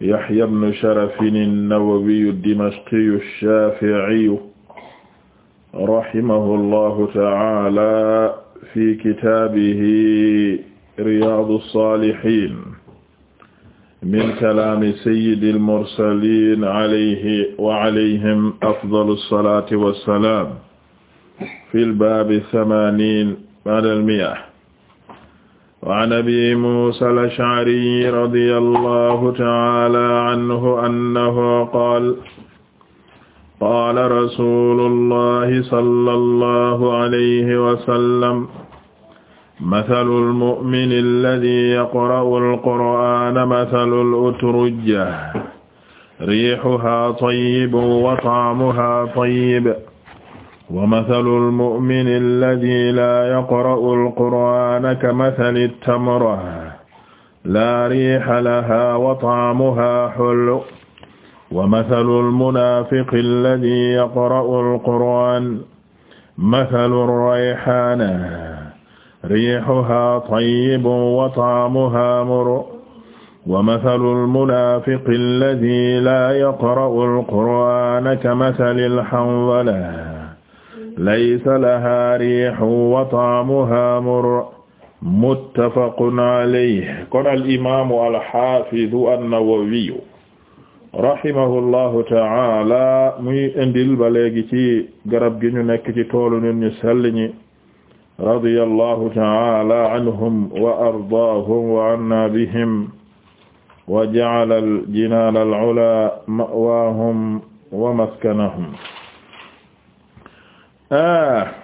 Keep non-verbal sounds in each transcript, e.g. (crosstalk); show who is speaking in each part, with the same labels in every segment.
Speaker 1: يحيى بن شرف النووي الدمشقي الشافعي رحمه الله تعالى في كتابه رياض الصالحين من كلام سيد المرسلين عليه وعليهم أفضل الصلاة والسلام في الباب الثمانين بعد المئة waan abi muusa al-ash'ari radiyallahu ta'ala anhu annahu qaala qaala rasuulullahi sallallahu alayhi wa sallam mathalul mu'mini alladhi yaqra'ul qur'aana mathalul utrujjati riihuhaa tayyibun wa ta'muhaa tayyib ومثل المؤمن الذي لا يقرأ القرآن كمثل التمرة لا ريح لها وطعمها حلو ومثل المنافق الذي يقرأ القرآن مثل الريحانة ريحها طيب وطعمها مر ومثل المنافق الذي لا يقرأ القرآن كمثل الحنظلة laysa laha rihu wa taamuha murr muttafaqun alayhi kon al imaamu alxafidu annawawiyu rahimahullahu taala muy indil ba léegi ci garab gi ñu nekk ci toolu nit ñu sell ñi radiyallahu taala anhum wa ardaahum wa anna bihim wa ja'ala al jinaana al ula ma'waahum wa maskanahum Ah.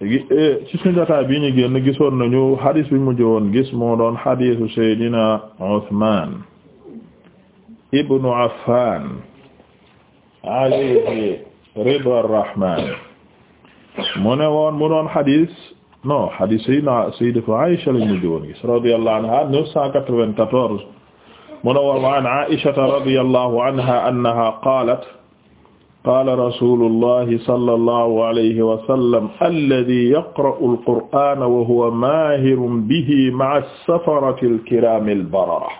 Speaker 1: Eh, ci suñu jotaay bi ñu génn gisoon nañu xadis bi mu jowoon gis moo doon xadisu Seydina Usmaan ibnu Affaan alayhi ridwa rahmaan mu ne woon mu doon xadis non xadis Seydina Sayyidatu Aysa lañ mu jowoon gis radiyallahu anha 994 mu ne woon wa an Aysata radiyallahu anha annaha qaalat qaala rasulullahi sallallahu alayhi wa sallam alladi yaqra'u alqur'ana wa huwa maahirun bihi ma'a safarati alkiraami albarara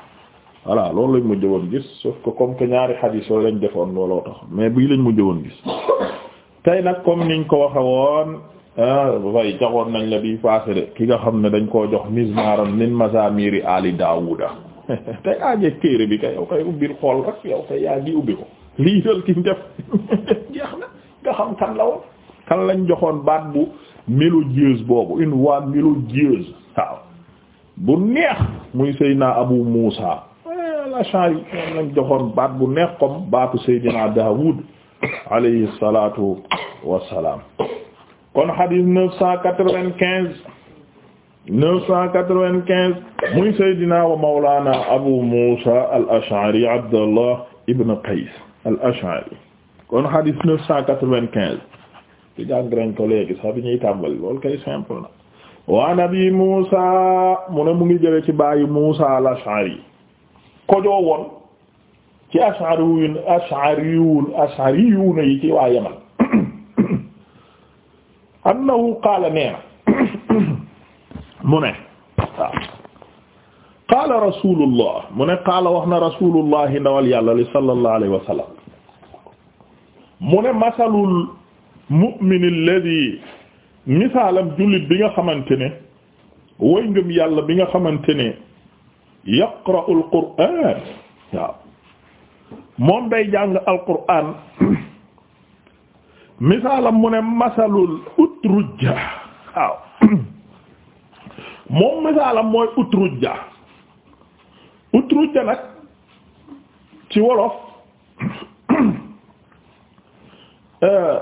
Speaker 1: voilà loolu lañ mujj woon gis sauf que comme que ñaari xadiis yooyu lañ defoon looloo tax mais bii lañ mujj woon gis tey nag comme niñ ko waxe woon ah, way jaxoon nañ la bi passé de ki nga xam ne dañ koo jox mizmaaran min mazaamiri aali daawuda (laughs) tey aajeg téere bi kay yow kay ubbil xool rek yow kay yaa ngi ubbi ko lii dal ki def jeex na nga xam kan la kan lañ joxoon baat bu mélodieuse boobu une voix mélodieuse waaw bu neex muy Seydina Abu Muusa al-Ash'ari eh, lañ joxoon baat bu neex comme baatu Seydina Daawud alayhi salaatu wassalaam kon xadis neuf cent quatre-vingt-quinze neuf cent quatre-vingt-quinze muy Seydina wa Mawlana Abu Muusa al Abdallah ibn Qays al-Ash'ari kon hadis neuf cent quatre-vingt-quinze ci jàngreñ ko léegi sax bi ñuy tàmbali loolu kay simple na wa nabi Muusa mu ne mu ngi jële ci bàyyi Muusa al-Ash'ari kojoo woon ci ash'ariyun ash'ariyun ash'ariyun yi ci waa Yaman (coughs) annahu qaala nee na (coughs) mu ne qaala rasulullah mu ne qaala wax na rasulullah ndawal yàlla li sallallahu alayhi wa sallam mu ne masalul mu'min alladhi misaalam jullit bi nga xamante ne way ngëm yàlla bi nga xamante ne yaqra'u alqur'aan waaw moom day jàng alqur'aan (coughs) misaalam mu ne masalul utrujja waaw (coughs) moom misaalam mooy utrujja utruj nag ci wolof (coughs) euh,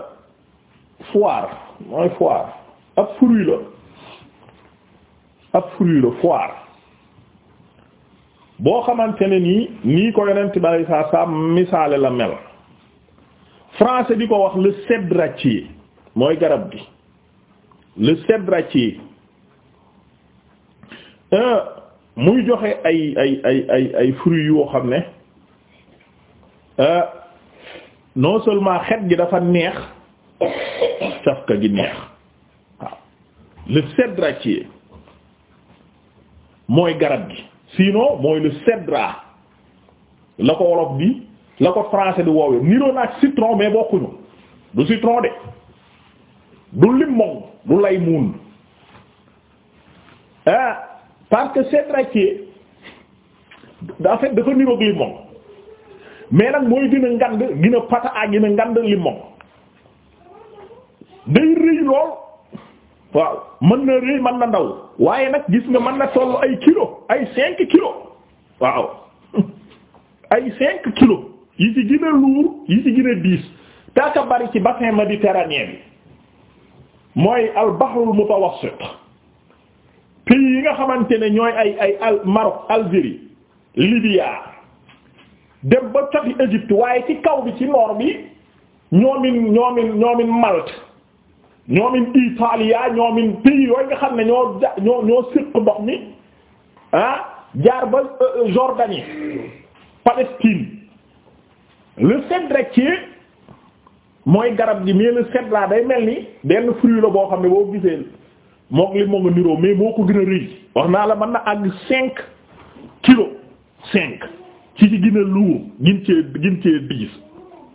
Speaker 1: foire mooy foire ab fruit la ab fruit la foire boo xamante ne nii nii ko yonent balay saa saa misaale la mel français di ko wax le cédratier mooy garab gi le cédratier euh muy joxe ay ay ay ay ay yoo xam ne euh, non seulement xet gi dafa neex safka gi neex waaw le cédratier mooy garab gi sinon mooy le cédrat la ko wolof bi la ko français di woowe niroo naak citron mais bokkuñu du citron de du limon du laymoun ah parce que cetracé en fait dafa niroog limon mais nag mooy gën a ngand gën a pata a gën a ngand limon day rëy lool waaw mën na rëy mën na ndaw waaye nag gis nga mën na tollu ay kilo ay cinq kilo waaw (laughs) ay cinq kilo yi ci gën a luur yi ci gën a diis taaka bari ci bassin méditerranéen bi mooy al bahrul pays yi nga xamante ne ñooy ay ay al Maroc Algérie Libya dem ba coti Égypte waaye ci kaw bi ci nord bi ñoomin ñoomin ñoomin Malte ñoomin Italia ñoomin pays yooyu nga xam ne ñoo ja ñoo ñoo séq ndox mi ah, jaar ba euh, euh, Jordanie Palestine le cèdre rek mooy garab gi mais le cèdre laa day mel ni benn fruit la boo xam ne boo gisee mook li moo nga niroo mais moo ko gën a wax naa la man na àgg cinq kilo cinq ci ci gën a luur gin cee gin cee diis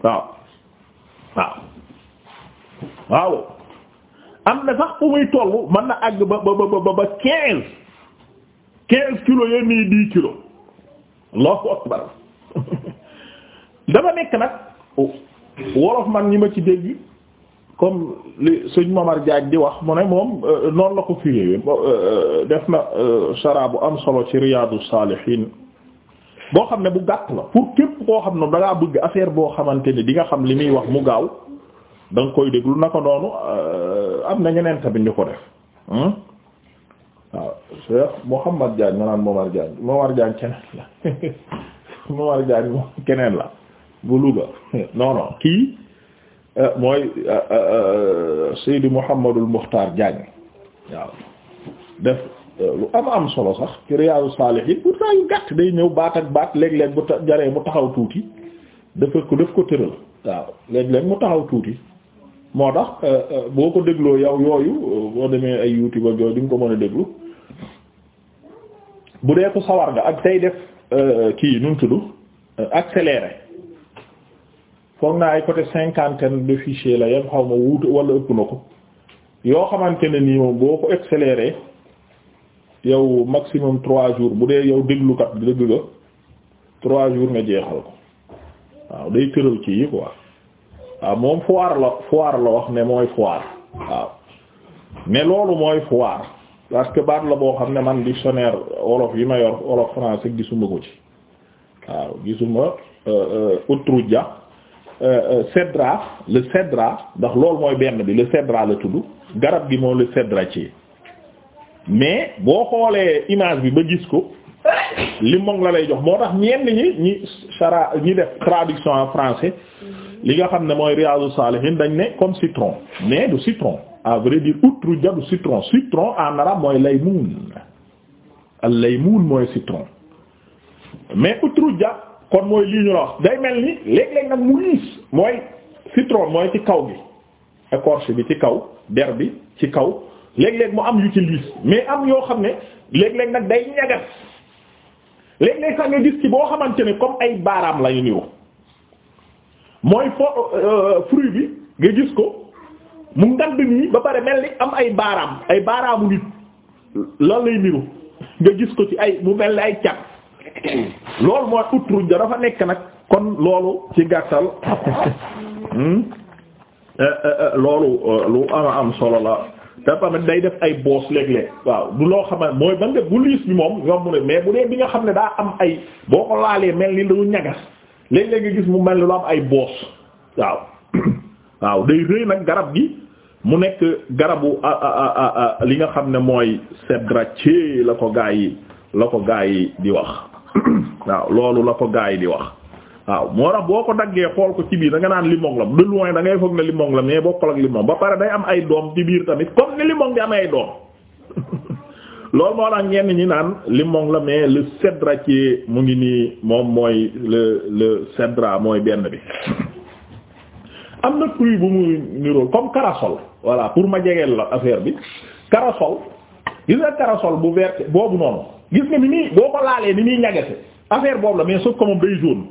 Speaker 1: waaw waaw waaw am na sax fu muy toll mën na àgg ba ba ba ba quinze quinze kilos yéen nii dix kilos allahu akbar (laughs) dafa nekk nag wolof man ñi ma ci dégg comme li suñ Momar Diagne di wax mu ne moom euh, noonu la ko firi euh, euh, def na sara bu am solo ci Riyadou Salihine boo xam ne bu gàtt la pour képp koo xam ne da ngaa bëgg affaire boo xamante ni di nga xam li muy wax mu gaaw da nga koy déglu naka noonu am na ñeneen tamit ñu ko def hmm? waaw Cheikh Mouhamad Diagne ma naan Momar Diagne Momar Diagne keneen la (laughs) Momar Diagne moom keneen la bu Louga (laughs) non kii. mooy euh, euh, Seydi Mouhamadul Mukhtar Diagne waaw def euh, lu am am solo sax ci Riyâdous Sâlihîne pourtant yu gàtt day ñëw baat ak baat léeg-léeg bu jaree mu taxaw tuuti dafa ko daf ko tëral waaw léeg-léeg mu taxaw tuuti moo tax boo ko dégloo yow yooyu boo demee ay YouTube ak yooyu di ko mën a déglu bu dee ko sawar nga ak tey def kii nu mu tudd accéléré. foog naa ay côté cinquantaine de fichiers la yem xaw ma wuute walla ëpp na ko yoo xamante ne nii moom boo ko accéléré yow maximum trois jours bu dee yow déglukat dëgg nga trois jours nga jeexal ko waaw day tëral ci yi quoi waaw moom foire la foire la wax ne mooy foire waaw ne loolu mooy foire parce que baat la boo xam ne man dictionnaire wolof yi ma yor wolof français gisuma ko ci waaw gisuma euh, euh, outre-dia Euh, euh, cèdre le cèdre ndax loolu mooy benn bi le cèdre la tudd garab gi moo le cèdre ci mais boo xoolee image bi ba gis ko li moom la lay jox moo tax ñenn ñi ñi chara ñi def traduction en français li nga xam ne mooy Riyadou Salihine dañ ne comme citron mais du citron à vrai dire outrouja du citron citron en arabe mooy laymoun al laymoun mooy citron mais outrouja kon mooy lii ñu la day mel ni léeg-léeg nag mu liis mooy citron mooy ci kaw bi gi écorce bi ci kaw der bi ci kaw léeg-léeg mu am yu ci liis mais am yoo xam ne léeg-léeg nag day ñagat léeg-léeg sax nga gis ci boo xamante ne comme ay baaraam lañu niru mooy fo euh, fruit bi nga gis ko mu ngand nii ba pare mel ni am ay baaraam ay baaraamu nit lan lay niru nga gis ko ci ay mu mel ni ay cat lool mooy utruj da dafa nekk nag kon loolu ci gàttal hmm? eh, eh, eh, loolu lu ama am solo la te tamit day def ay boos léeg waaw du loo xam ne mooy ba bu liis bi moom yomb ne mais bu dee bi nga xam ne daa am ay boo ko laalee mel ni lu ñagas léeg nga gis mu mel ni lu am ay boos waaw (coughs) waaw day rëy nag garab gi mu nekk garabu li nga xam ne mooy cédracée la ko gaa yi la ko gaa yi di wax (coughs) waaw loolu la ko gaay di wax waaw moo tax boo ko daggee xool ko ci biir da nga naan limon la de loin da ngay foog ne limon la mais bokkul ak limong ba pare day am ay doom ci biir tamit comme ni limong di am ay doom (laughs) loolu moo tax ñenn ñi naan limong la mais le ci mu ngi nii moom mooy le le cédrat mooy benn bi (coughs) am na fruit bu muy nirool comme corossol voilà pour ma jegeel la affaire bi corossol gis nga bu vert boobu noonu gis nga ni muy boo ko laalee ni muy ñagase affaire boobu la mais sauf que moom day jaune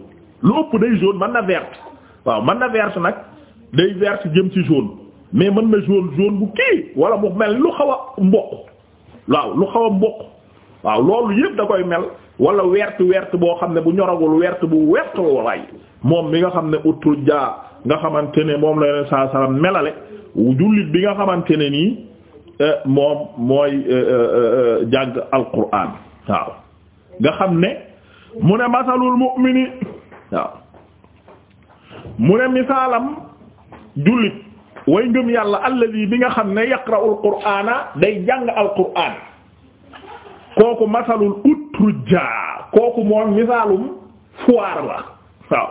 Speaker 1: lu ëpp day jaune man na verte waaw man na verte nag day verte jëm ci jaune mais mën na jaune jaune bu kii wala mu mel lu xaw a mboq waaw lu xaw a mboq waaw loolu yëpp da koy mel wala werte wert boo xam ne bu ñoragul werte bu werte waay moom mi nga xam ne utu jaa nga xamante ne moom la yeneen saa salaam melale jullit bi nga xamante ne nii. moom mooy euh, euh, euh, jàng alquran waaw nga xam ne mu ne masalul mu'mini waaw mu ne misaalam jullit way ngëm yàlla alladi bi nga xam ne yaqra'ul qur'ana day jàng alquran kooku masalul utruja kooku moom misaalum foire la waaw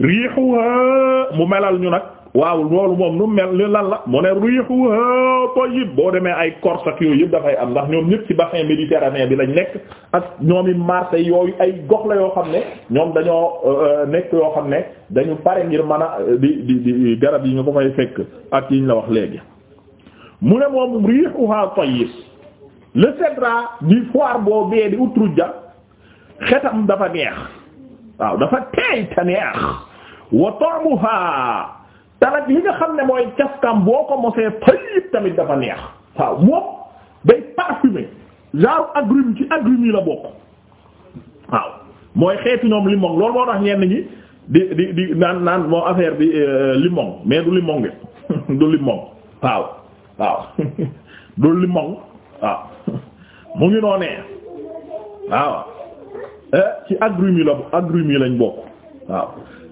Speaker 1: riixuha mu melal ñu nag waaw loolu moom nu mel ni lan la mu ne rihuha tayyib boo demee ay Corse ak yooyu yëpp dafay am ndax ñoom ñëpp ci bassin méditerranéen bi lañu nekk ak ñoomi Marseille yooyu ay gox la yoo xam ne ñoom dañoo euh, nekk yoo xam ne dañu pare ngir mën a euh, di di di garab yi ñu ko fay fekk ak yiñ la wax léegi mu ne moom rihuha tayyib le cédrat di foire boo bee di Utruja xetam dafa neex waaw dafa teey ta neex wa ta'muha te nag li nga xam ne mooy cafkaam boo ko mosee tayyib tamit dafa neex waaw moom day parfumé genre agrume ci agrume la bokk waaw mooy xeeti ñoom limon loolu moo tax ñenn ñi di di di naan naan moo affaire bi euh, limon mais du limon gi (laughs) du limon waaw waaw (laughs) du limon waaw (laughs) mu ngi noonee waaw euh, ci agrume la agrume lañ bokk waaw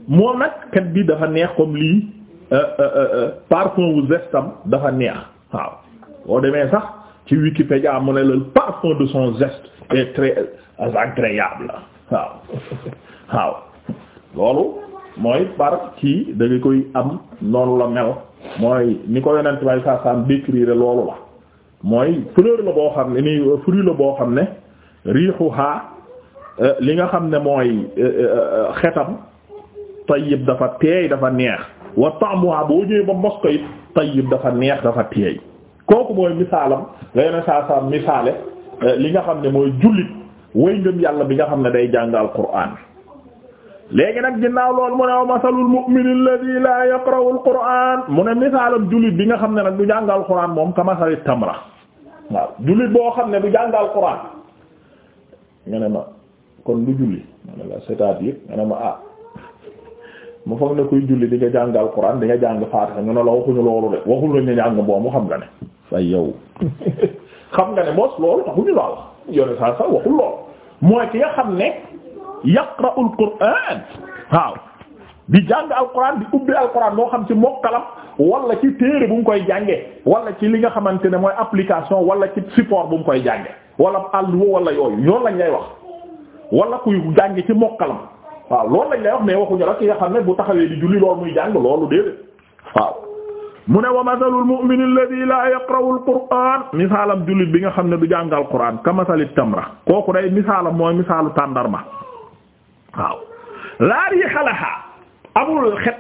Speaker 1: moom nag kat bi dafa neex comme lii Euh, euh, euh, parfum wu zestam dafa neex waaw boo demee sax ci Wikipédia mu ne le parfum de son zeste est très agréable waaw waaw loolu mooy par kii da koy am noonu la mel mooy ni ko yonent bay saa saam décrire loolu la mooy fleur la boo xam ne ni fruit la boo xam ne riixuhaa li nga xam ne mooy xetam tayyib dafa teey dafa neex wa ta'muha boo ñëwee ba mos ko it dafa neex dafa teey kooku mooy misaalam la yeneen saa saa misaale eh, li nga xam ne mooy jullit way ngëm yàlla bi nga xam ne day jàngal alquraan léegi nag ginnaaw loolu mu ne wa masalul mu'mini alladhi la yaqra'u alquraan mu ne misaalam jullit bi nga xam ne nag du jàng alquraan moom ka masali tamra waaw jullit boo xam ne du jàngal alquraan nga ne ma kon du julli nga ne ma ah mu foog ne kuy julli di nga jàng alxuraan di nga jàng faatiha ñu ne la waxuñu loolu de waxul lañ ne jàng boo mu xam nga fay yow (laughs) nga ne moos loolu taxuñu la wax yone saa sa lool mooy ki nga xam ne yaqra'ul qur'aan waaw di jàng alxuraan di ubbi alxuraan moo xam ci mokkalam wala ci téere bu mu koy jànge wala ci li nga xamante ne mooy application wala ci support bu mu koy jànge wala àll wala yooyu ñoonu lañ lay wax wala kuy jàng ci mokkalam waaw loolu lañ lay wax mais waxuñu la ki nga xam ne bu taxawee di julli loolu muy jàng loolu déedéet waaw mu ne wa masalul mu'min alladhi la yaqra'u al-qur'an misaalam jullit bi nga xam ne du jàngal qur'an ka masalit tamra kooku day misaalam mooy misaalu tàndarma waaw laa riiha laha amul xet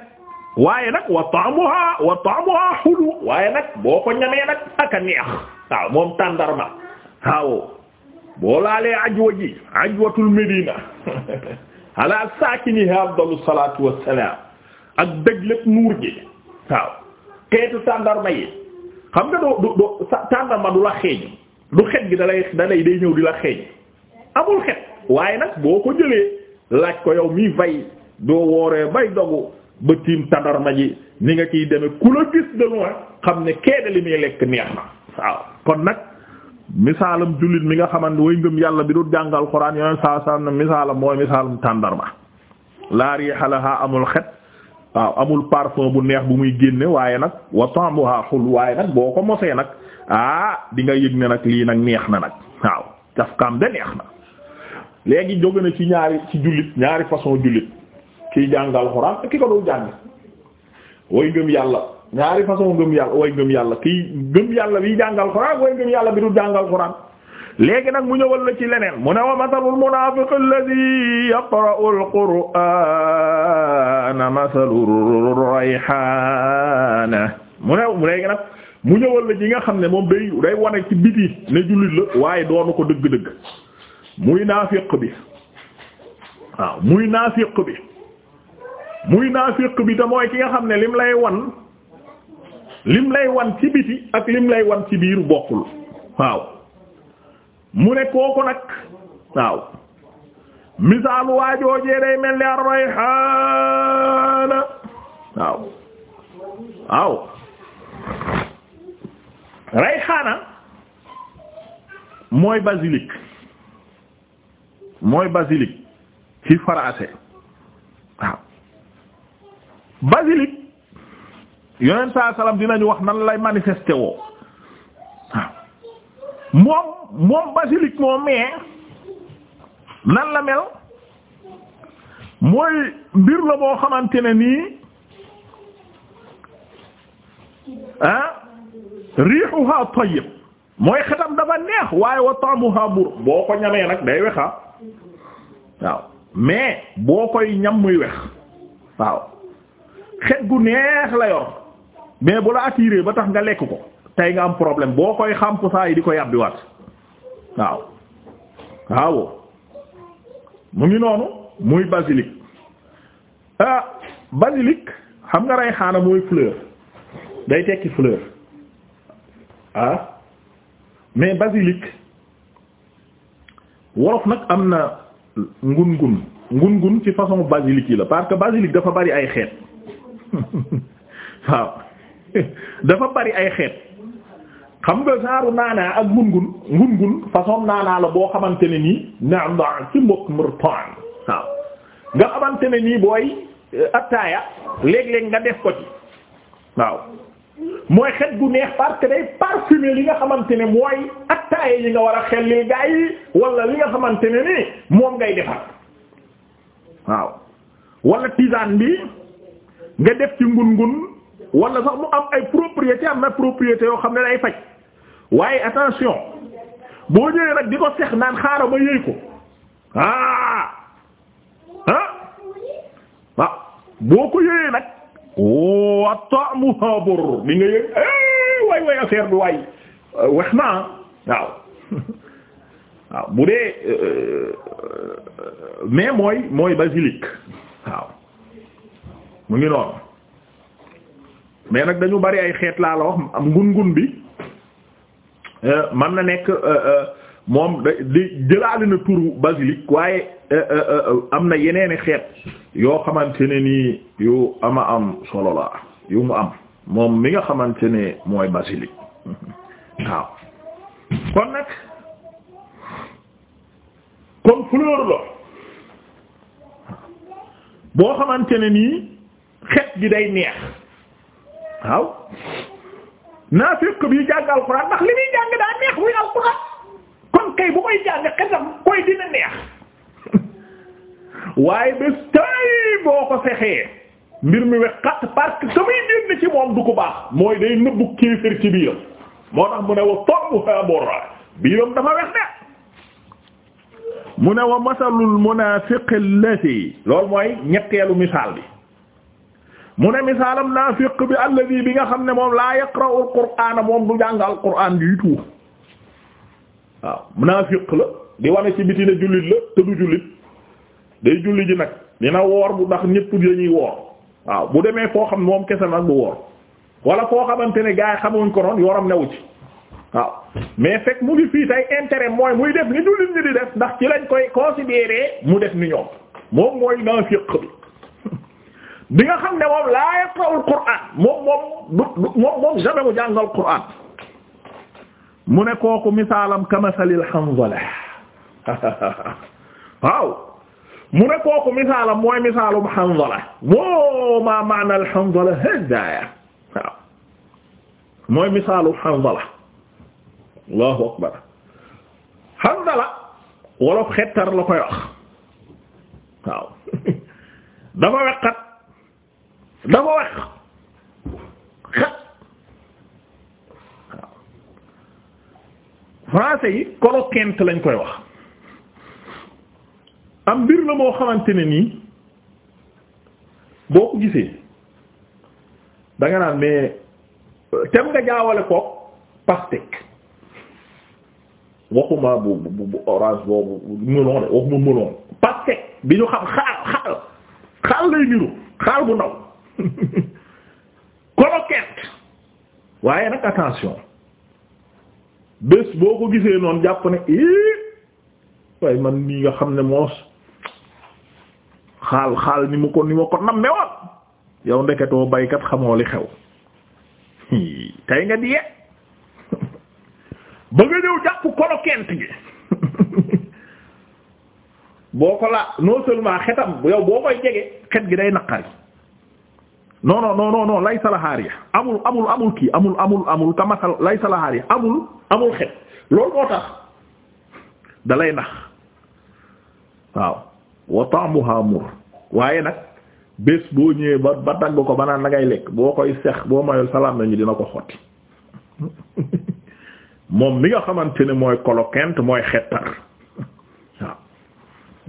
Speaker 1: waaye nag wa ta'muha wa ta'muha hulu waaye nag boo ko ñamee nag aka neex waaw moom tàndarma waaw boo laalee ajwa ji ajwatul medina (laughs) ala saakini afdalu salaatu wassalaam ak dëj lépp nuur ji waaw xeetu tàndarma yi xam nga doo doo tàndarma du la xeeñ du xet gi dalay dalay day ñëw di la xeeñ amul xet waaye nag boo ko jëlee laaj ko yow mi fay doo wooree bay dogu ba tiim tàndarma ji ni nga ciy demee ku la gis de xam ne keede li muy lekk neex na waaw kon nag misaalam jullit mi nga xamante way ngëm yàlla bi du jàngal alxuraan yooyu saa saa na misaalam mooy misaalam tàndarma laa riiha lahaa amul xet waaw amul parfum bu neex bu muy génne waaye nag wa ta'muha hul waaye nag boo ko mosee nag ah di nga yëg ne nag lii nag neex na nag waaw cafkaam de neex na léegi jóge na ci ñaari ci jullit ñaari façon jullit kiy jàngal alxuraan ki ko dul jàng way ngëm yàlla ñaari façon gëm yàlla way gëm yàlla kii gëm yàlla bi jàngal Qur'an way gëm yàlla bi du jàngal Qur'an léegi nag mu ñëwal la ci leneen mu ne wa masalul munaafiq alladhi yaqra'ul qur'ana mu ne léegi nga xam ne moom day day wane ci biti ne jullit la waaye doonu ko dëgg-dëgg muy naafiq bi waaw muy naafiq bi muy naafiq bi te mooy ki nga xam ne lim lay wan lim lay wan ci biti ak lim lay wan ci biir bokkul waaw mu ne kooku nag waaw misaal waajoojee day mel ni ar-rayhaana waaw waaw rayhaana mooy basilic mooy basilic ci français waaw basilic yonent saa salaam dinañu wax nan lay manifesté woo moom moom basilic moom mais nan la mel mooy mbir la boo xamante ne nii ah rihuha tayyib mooy xetam dafa neex waaye wa ta'muha bur boo ko ñamee nag day wexa waaw mais boo koy ñam muy wex waaw xet gu neex la yor mais bu la attiré ba tax nga lekk ko tey nga am problème boo koy xamp saa yi di ko yàbbiwaat waaw waaw mu ngi noonu muy basilic ah basilic xam nga rayxaana mooy fleur day tekki fleur ah mais basilic wolof nag am na ngun ngun ngun ngun ci façon basilic yi la parce que basilic dafa bari ay xeet (laughs) waaw (laughs) dafa bari ay xeet xam nga saaru naanaa ak ngungun ngungun façon naanaa la boo xamante ne nii naan ci mbokk mërtaan waaw nga xamante ne nii booy euh, attaaya léeg-léeg nga def ko ci waaw mooy xet gu neex parce que day parfumé li nga xamante ne mooy attaaya yi nga war a xellil gaa yi wala li nga xamante ne ni moom ngay defar waaw wala tisane bi nga def ci ngungun wala sax mu am ay propriété am na proprieté yoo xam ne day faj waaye attention boo ñëwee nag di ko sex naan xaaral ma yëy ko ah ah waaw ah! ko yëyee nag wa ta'mu habur di nga yëg eh, waay waay affaire bi waay euh, wax naa (laughs) waaw bu dee euh, euh, mais mooy mooy basilic waaw mu ngi mais nag dañu bari ay xeet laa la wax ngun-ngun bi euh, man na nekk euh, euh, moom da di jëlaale na turu basilic waaye am na yeneeni xeet yoo xamante ne nii yu ama am solo la yu mu am moom mi nga xamante ne mooy basilic (laughs) waaw kon nag kon fleur la boo xamante ne nii xeet gi day neex waaw naafiq bi jàng alxuraan ndax li muy jàng daa neex muy alxuraan kon kay bu koy jàng xesam koy dina neex (laughs) waaye bés tay boo ko fexee mbir mi we xat parce que samay génn ci moom du ko baax mooy day nëbbu kéefër ci moo tax mu ne wa torbuha borra biiram dafa wex de mu ne wa masalul munaafiq allati loolu mooy ñetteelu misaal bi mu ne misaalam naafiq bi alladi bi nga xam ne moom laa yaqra'u alqur'ana moom du jàng alqur'an du tout waaw naafiq la di wane ci biti ne jullit la te du jullit day julli ji nag dina woor bu ndax ñépp dañuy woor waaw bu demee foo xam ne moom kese nag du woor wala foo xamante ne gaa yi xamuñ ko noonu yoram newu ci waaw mais fekk mu ngi fii tey intérêt mooy muy def ni jullit ñi di def ndax ci lañ koy koo considérer mu def ni ñoom moom mooy naafiq bi bi nga xam ne moom laa yaqra'ul qur'aan moom moom moom moom jamais mu jàngal qur'aan mu ne kooku misaalam kamasalil hanzala (laughs) waaw mu ne kooku misaalam mooy misaalum hanzala moo maa maanal hanzala hada waaw mooy misaalum hanzala allahu akbar hanzala wolof xettar la koy wax waaw (laughs) dafa weqat dafa wax xat yi coloquinte lañ koy wax am mbir la moo xamante ne nii boo ko gisee da naan mais euh, tem nga jaawale ko pastèque waxuma bu bu bu orange boobu melon de waxuma melon pastèque bi ñu xam xaal xaal xaal lay niru xaal bu ndaw koloket (laughs) waaye nag attention bés boo ko gisee noonu jàpp ne ii waaye man nii nga xam ne moos xaal xaal ni mu ko ni ma ko namme woon yow ndeketoo baykat xamoo li xew (laughs) tey nga diye (laughs) ba nga ñëw jàpp kolokent gi boo ko la non seulement xetam yow boo koy jege xet gi day naqari non non non non non laysa amul amul amul kii amul amul amul kamasal laysa la xaariya amul amul xet loolu moo tax da nax waaw wa ta'muha mur waaye nag bés boo ñëwee ba dagg ko ba naan da ngay lekk boo koy sex boo mayol salaam nañu dina ko xotti (laughs) moom mi nga xamante ne mooy kolokent mooy xettar waaw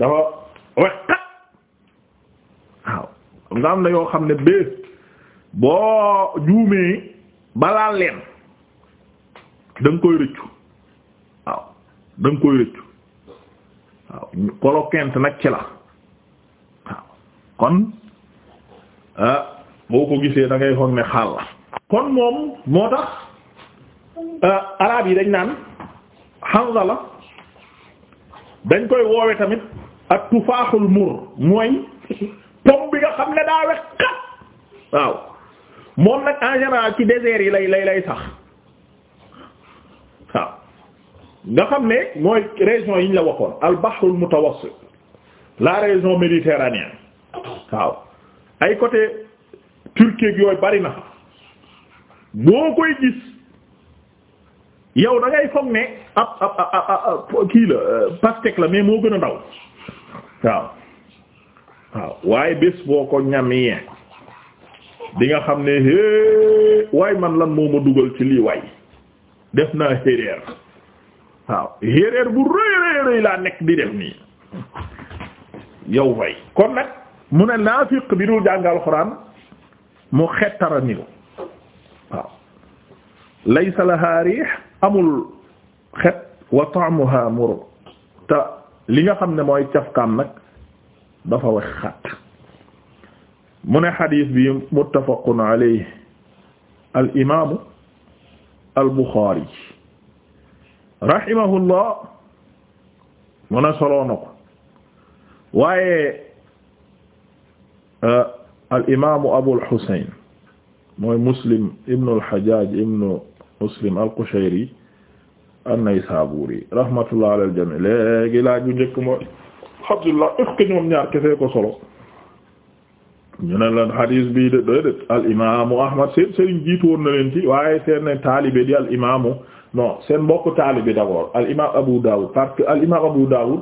Speaker 1: dafa wex waaw nga am na yoo xam ne bés boo juumee balaa leen da koy rëccu waaw da koy rëccu waaw kolokent nag ci la kon ah, boo ko gisee da ngay foog ne xaal la kon moom moo tax ah, araab yi dañ naan Hanzala la dañ koy woowe tamit ak tufaaxul mur mooy pom bi nga xam ne daa wex xat waaw moom nag en général ci désert yi lay lay lay sax waaw nga xam ne mooy région yi ñu la waxoon al bahrul la région méditerranéenne waaw ay côté Turquie yooyu bari na boo koy gis yow da foog ne ab ab ab kii la euh, pastèque la mais moo gën a ndaw waaw waaw waaye bés boo ko ñamee li nga xam ne hee waay man lan moo ma dugal ci lii waay def naa héeréer waaw héeréer bu rëy rëy rëy laa nekk di def nii yow way kon nag mu ne naafiq bi dul jàng alxuraan mu xettara niru waaw laysa laha riix amul xet wa ta'muha mur te li nga xam ne mooy cafkaam nag dafa wax xat mu ne xadis bi muttafaqun alayhi al imaamu al buxaari rahimahullah mu ne soloo na ko waaye uh, al imaamu abul xusayn mooy muslim ibnu al xajjaaj ibnu muslim al qushayri an-naysaburi rahmatullah ala al jamii léegi laaj bu njëkk mooy Abdullah est-ce que ñoom ñaar kese ko solo. ñu ne la xadiis bi de de al imaamu Ahmad seen sëriñ jiitu woon na leen ci waaye seen taalibe di al imaamu non seen mbokk taalibe d'abord al imaam Abu Dawud parce que al imaam Abu Dawud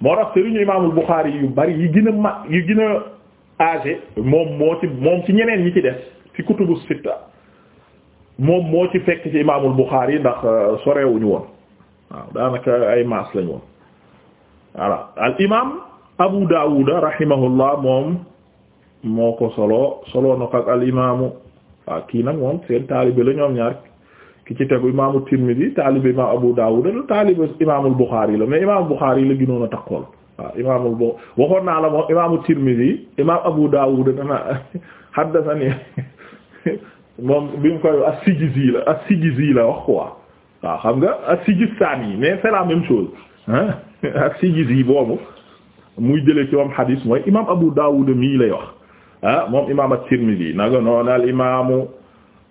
Speaker 1: moo tax sëriñu imaamul Buxaari yu bari yi gën a mag yi gën a moom moo ci moom ci ñeneen ñi ci des ci kutubu sitta moom moo ci fekk ci imaamul Buxaari ndax euh, sorewuñu woon waaw daanaka ay maas lañu woon voilà al imaam Abu Dawud rahimahullah moom. moo ko solo solo na ko al imaamu waaw kii nag moom seen taalibe la ñoom ñaar ki ci tegu imaamu Tirmidhi taalibe imaam Abu Dawud la taalibe imaamul Bukhari la mais la gënoon a takkool waaw imaamul Bukhari waxoon naa la moom imaamu Tirmidhi imaam Abu Dawud dana (laughs) (laughs) bi mu koy as-Sijizi la as-Sijizi la wax quoi waaw xam nga as-Sijistani mais c'est la même chose ah (laughs) as-Sijizi boobu muy jëlee ci moom hadis mooy imaam Abu Dawud mii lay wax. ah moom imaam at-Tirmidhi naga noonu al imaamu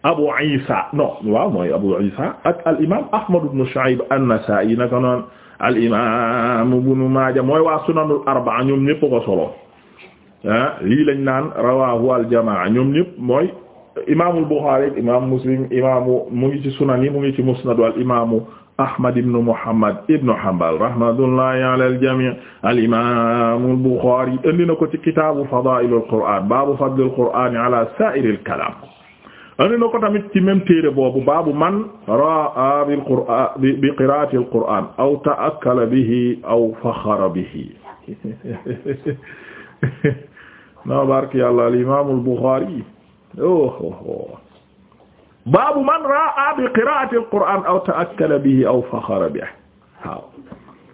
Speaker 1: Abu Isa non waaw mooy Abu Isa ak al imaam Ahmad ibn Shu'ayb an-Nasa'i naka noonu al imaam Ibn Maaja mooy waa sunanul arba'a ñoom ñëpp ko solo ah lii lañ naan rawaahu al jamaa ñoom ñëpp mooy imaamul Bukhari imaam Muslim imaamu mu ngi ci sunan yi mu ngi ci musnad al imaamu Ahmad ibn Muhammad ibn Hanbal rahmatullahi ala al-jami' al-imam al-Bukhari indi na ko ci kitaabu fadaa'il al-Qur'an baabu fadl al-Qur'an ala saa'ir al-kalaam indi na ko tamit ci même téere boobu baabu man ra'a bil Qur'an bi qira'ati al-Qur'an aw ta'akkala bihi aw fakhara bihi (laughs) na barki Yàlla al-imam al-Bukhari oh, oh, oh. baabu man raa bi qiraati aw taakkala bihi aw faxara bihi waaw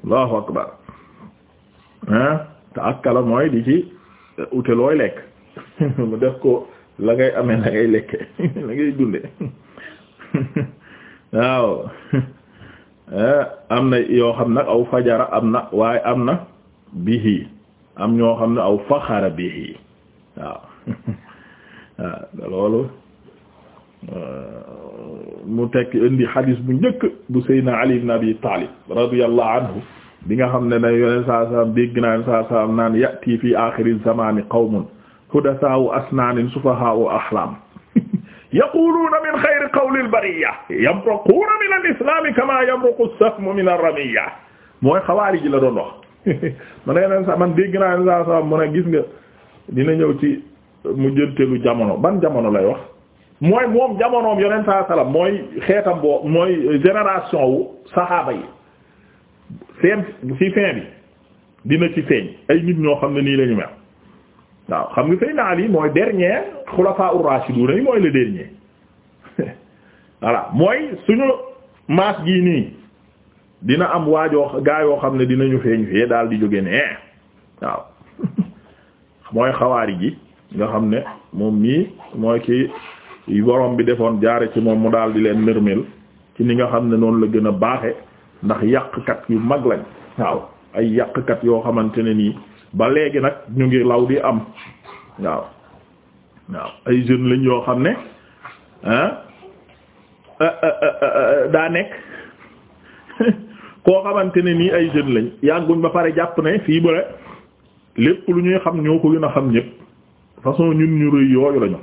Speaker 1: allahu akbar ah taakkala mooy di ci ute looy lekk (laughs) mu def ko la ngay amee la ngay lekke (laughs) la ngay dunde (laughs) waaw am na yoo xam nag aw fajara am na waaye am na bihi am ñoo xam ne aw faxar bihi waaw waaw loolu Euh, mu tekk indi xadis bu njëkk bu Seydina Ali ibn Abi Talib radiyallahu anhu bi nga xam ne na yoneen saa sallam dégg naa yoneen saa sallam naan yati fi axiri zamani qawmun hudasaa'u asnaanin sufahaa'u ahlaam (laughs) yaquluuna min xayri qawli al-bariyya yamruquuna min al-islaami kamaa yamruqu as-sahmu min ar-ramiyya mooy xawaari ji la doon wax (laughs) man yeneen sa man dégg naa yoneen saa sallam mu ne gis nga dina ñëw ci mujjantelu jamono ban jamono lay wax mooy moom jamonoom yonent saa salaam mooy xeetam boo mooy génération wu saxaaba yi seen ci fin bi dina ci feeñ ay nit ñoo xam ne nii lañu mel waaw xam nga Seydina Ali mooy dernier xulafaa ur-raashidun yi mooy le dernier (laughs) voilà mooy suñu maas gi nii dina am waajoo gaa yoo xam ne dina ñu feeñ fee daal di jóge nee waaw (laughs) mooy xawaari ji nga xam ne moom mii mooy ki borom bi defoon jaare ci moom mu daal di leen nërmeel ci ni nga xam ne noonu la gën a baaxe ndax yàqkat yu mag lañ waaw ay yàqkat yoo xamante ne nii ba léegi nag ñu ngi law di am waaw waaw ay jeunes lañ yoo xam ne ah daa nekk (laughs) koo xamante ne nii ay jeunes lañ yàgguñ ba pare jàpp ne fii bare lépp lu ñuy xam ñoo ko gën a xam ñëpp façon ñun ñu rëy yooyu lañu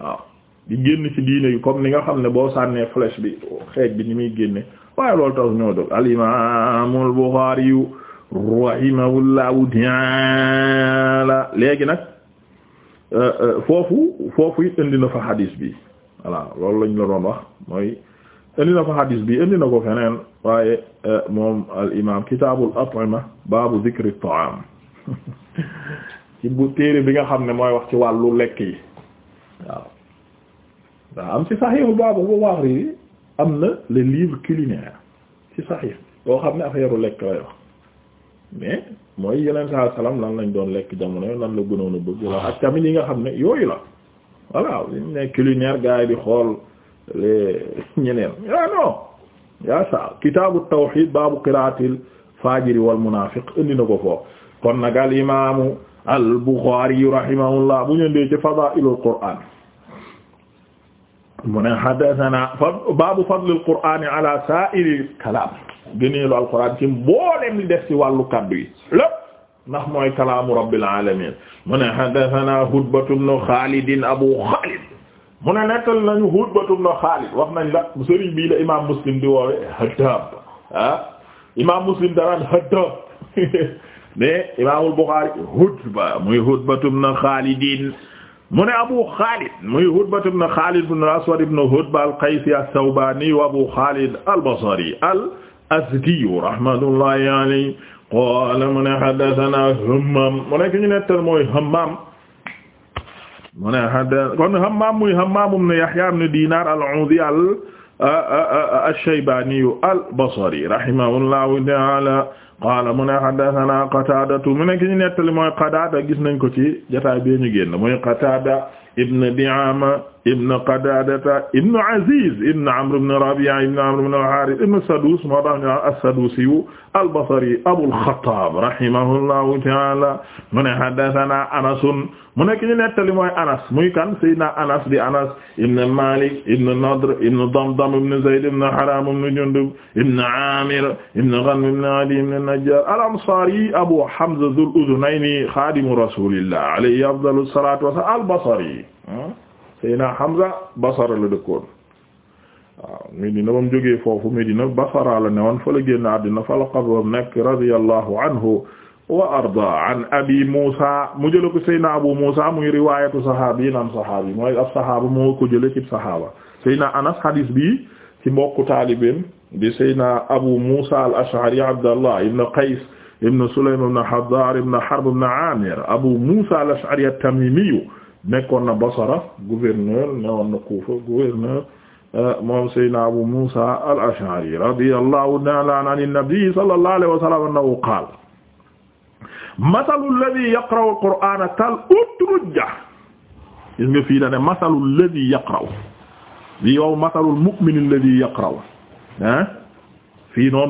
Speaker 1: waaw di génn ci diine yi comme ni nga xam ne boo sànnee flèche bi xeej bi ni muy génne waaye loolu tax ñoo dog al imaamul Buxaari yu rahimahullahu ta'ala léegi nag euh, euh, foofu foofu it fa xadiis bi voilà loolu lañ la doon wax mooy indi na fa xadiis bi indi ko feneen waaye euh, moom al imaam kitaabul at'ima baabu dhikri at (laughs) ci bu téere bi nga xam ne mooy wax ci wàllu lekk yi daa am ci saxiixu baabu bu waax rii am na le livre culinaire ci saxiix yoo xam ne affaire lekk lay mais mooy yeneen saa salaam lan lañ doon lekk jamono yo lan la gënoon bëgg ah. la yi nga xam ne yooyu la voilà liñ ne culinaire gars di xool les (laughs) ñeneen ah non yaa sa kitaabu tawhid baabu qiraatil fajiri wal munafiq indi na ko foofu kon nag al imaamu al Buxaari rahimahullah bu ñu ndee ci fadaa'ilul Qur'aan mu ne haddathana baabu fadl al-Qur'an ala sa'iri al-kalam gëneelu al-Qur'an ci mboolem li def ci wàllu kaddu yi lépp ndax mooy kalaamu rabbil alamin mu ne haddathana Hudbatu ibn Khalid Abu Khalid mu ne nettal nañu Hudbatu ibn Khalid wax nañ la sëriñ bii la imaam Muslim di woowe Haddab ah imaam Muslim daraan Haddab (laughs) mais imaamul Bukhari Hudba muy Hudbatu ibn Khalid mu ne Abu Xaalid muy Hudba ibn Xaalid ibn al-Aswad ibn Hudba al-Qaysi as-Sawbaani wa Abu Xaalid al-Basri al-Azdi rahmatullahi alayhi qaala mu ne haddasanaa Hammaam mu ne ki ñu nettal mooy Hammaam mu ne hadda kon Hammaam muy Hammaam ibn Yahyaa ibn Diinaar al-Awdi ash-Shaybaniyu al-Basri rahimahullahu ta'ala qaala mu ne haddathana Qataadatu mu nekk ñu nettali mooy Qataada gis nañ ko ci jotaay bi ñu génn mooy Qataada ibn Di'aama ibn Qadadata ibn Aziz ibn Amr ibn Rabi'a ibn Amr ibn al-Harith ibn Sadus moo tax ñu as-Sadusi al-Basri Abul Khattab rahimahullahu ta'ala mu ne haddathana Anas mu nekk ñu nettali mooy Anas muy kan Seydina Anas di Anas ibn Malik ibn Nadr ibn Damdam ibn Zayd ibn Haram ibn Jundub ibn Amir ibn Ghanm ibn Adi ibn Najjar al-Ansari Abu Hamza dhul-Udhunayni khadimu Rasulillah alayhi afdalu salatu wa salam al-Basri hmm? Seydina Hamza Basara la dëkkoon waaw Medina ba mu jógee foofu Medina Basara la newoon fa la génn àddina fa la xabroom nekk radiyallahu anhu wa arda an abi Muusa mu jële ko Seydina Abu Muusa muy riwaayatu saxaabi yi naan saxaabi mooy ab saxaaba moo ko jële ci saxaaba Seydina Anas hadis bi ci mbokku taalibeem di Seydina Abu Muusa al-Ash'ari Abdallah ibn Qays ibn Sulaym ibn Haddar ibn Harb ibn Amir Abu Muusa al-Ash'ari at-Tamimi nekkoon na Basra gouverneur newoon na Kufa gouverneur euh, moom Seydina Abu Musa al-Ash'ari radiyallahu ta'ala anhu an-nabi sallallahu alayhi wa sallam annahu qaala masalu alladhi yaqra'u al-qur'ana kal-utrujja gis nga fii da ne masalu alladhi yaqra'u bi yow masalul mu'min alladhi yaqra'u ah fii noonu